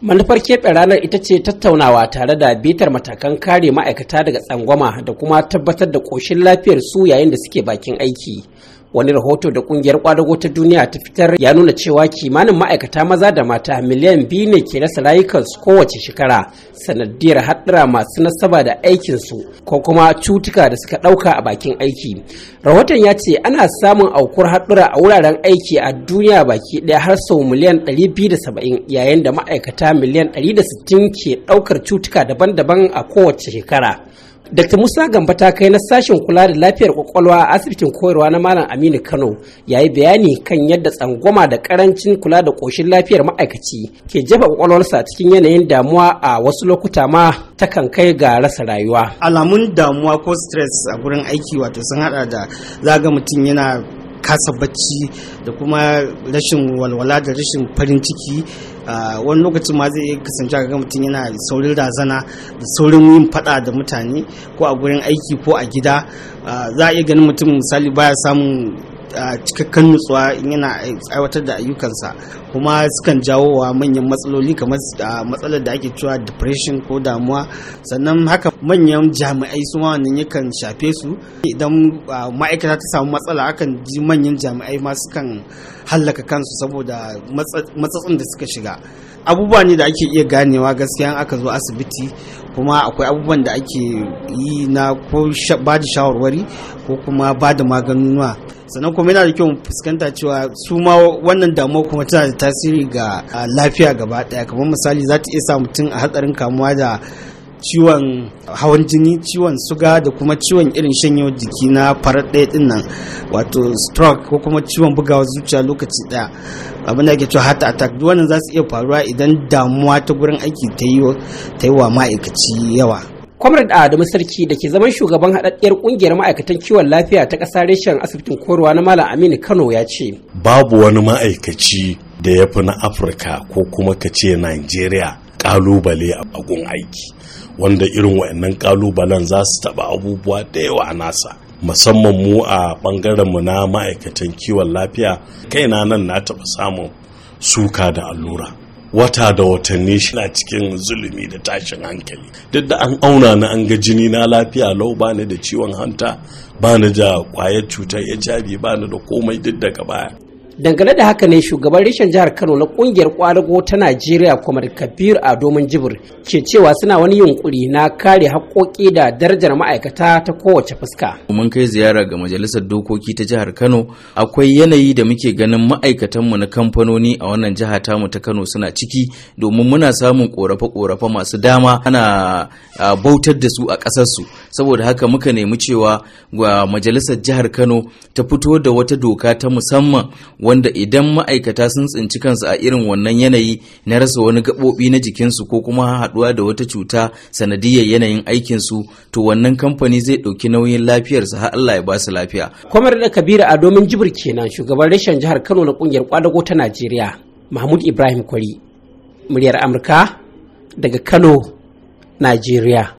manufar keɓe ranar ita ce tattaunawa tare da bitar matakan kare ma'aikata daga tsangwama da kuma tabbatar da ƙoshin lafiyar su yayin da suke bakin aiki wani rahoto da kungiyar kwadago ta duniya ta fitar ya nuna cewa kimanin ma'aikata maza da mata miliyan biyu ne ke rasa layukansu kowace shekara sanadiyar haɗura masu nasaba da aikinsu ko kuma cutuka da suka ɗauka a bakin aiki rahoton ya ce ana samun aukuwar haɗura a wuraren aiki a duniya baki ɗaya har sau miliyan 270 yayin da ma'aikata miliyan 160 ke ɗaukar cutuka daban-daban a kowace shekara Dr. Musa Gamba ta kai na sashen kula da lafiyar kwakwalwa a asibitin koyarwa na Malam Aminu Kano ya yi bayani kan yadda tsangwama da karancin kula da koshin lafiyar ma'aikaci ke jefa kwakwalwarsa cikin yanayin damuwa a wasu lokuta ma ta kan kai ga rasa rayuwa. Alamun damuwa ko stress a gurin aiki wato sun hada da zaga mutum yana kasa bacci da kuma rashin walwala da rashin farin ciki Ah, wani lokacin ma zai kasance ga mutum yana da saurin razana da saurin yin fada da mutane ko a gurin aiki ko a gida ah, za a iya ganin mutum misali baya samun cikakken nutsuwa yana aiwatar da ayyukansa kuma sukan jawo wa manyan matsaloli kamar matsalar da ake cewa depression ko damuwa sannan haka manyan jami'ai su ma wannan yakan shafe su idan ma'aikata ta samu matsala akan ji manyan jami'ai ma sukan hallaka kansu saboda matsatsin da suka shiga abubuwa ne da ake iya ganewa gaskiya aka zo asibiti kuma akwai abubuwan da ake yi na ko ba da shawarwari ko kuma ba da maganunuwa sannan kuma yana da kyau fuskanta cewa su ma wannan damuwa kuma tana da tasiri ga ah, lafiya gaba daya kamar misali za ta iya sa mutum a hatsarin kamuwa da ciwon hawan jini ciwon suga da kuma ciwon irin shanyewar jiki na farar ɗaya ɗin nan wato stroke ko kuma ciwon bugawa zuciya lokaci ɗaya abin da ke cewa heart attack duk wannan za su iya faruwa idan damuwa ta gurin aiki ta yi wa ma'aikaci yawa Comrade Adamu Sarki da ke zaman shugaban haɗaɗɗiyar ƙungiyar ma'aikatan kiwon lafiya ta ƙasa reshen asibitin Korowa na Malam Aminu Kano ya ce. Babu wani ma'aikaci da ya fi na Afirka ko kuma ka ce Najeriya ƙalubale a bagun aiki wanda irin wa'annan ƙalubalen za su taɓa abubuwa da yawa a nasa. Musamman mu a ɓangaren mu na ma'aikatan kiwon lafiya kaina nan na taɓa samun suka da allura. wata da watanni shi na cikin zulumi da tashin hankali duk da an auna na an ga jini na lafiya lau ba da ciwon hanta ba ni da kwayar cutar hiv ba ni da komai duk daga baya dangane da haka ne shugaban reshen jihar kano na kungiyar kwadago ta najeriya kwamar kabir a domin jibir ke cewa suna wani yunkuri na kare haƙoƙi da darajar ma'aikata ta kowace fuska mun kai ziyara ga majalisar dokoki ta jihar kano akwai yanayi da muke ganin ma'aikatanmu na kamfanoni a wannan jiha tamu ta kano suna ciki domin muna samun korafe-korafe masu dama ana bautar da su a ƙasarsu saboda haka muka nemi cewa majalisar jihar kano ta fito da wata doka ta musamman wanda idan ma'aikata sun tsinci kansu a irin wannan yanayi na rasa wani gaɓoɓi na jikinsu ko kuma haɗuwa da wata cuta sanadiyar yanayin aikinsu to wannan kamfani zai ɗauki nauyin lafiyarsu har Allah ya ba su lafiya. Kwamar da Kabiru a domin jibir kenan shugaban rashin jihar Kano na ƙungiyar kwadago ta Najeriya Mahmud Ibrahim Kwari muryar Amurka daga Kano Najeriya.